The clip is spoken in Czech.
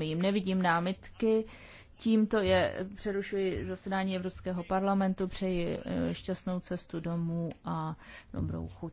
jim Nevidím námitky. Tímto je, přerušuji zasedání Evropského parlamentu, přeji eh, šťastnou cestu domů a dobrou chuť.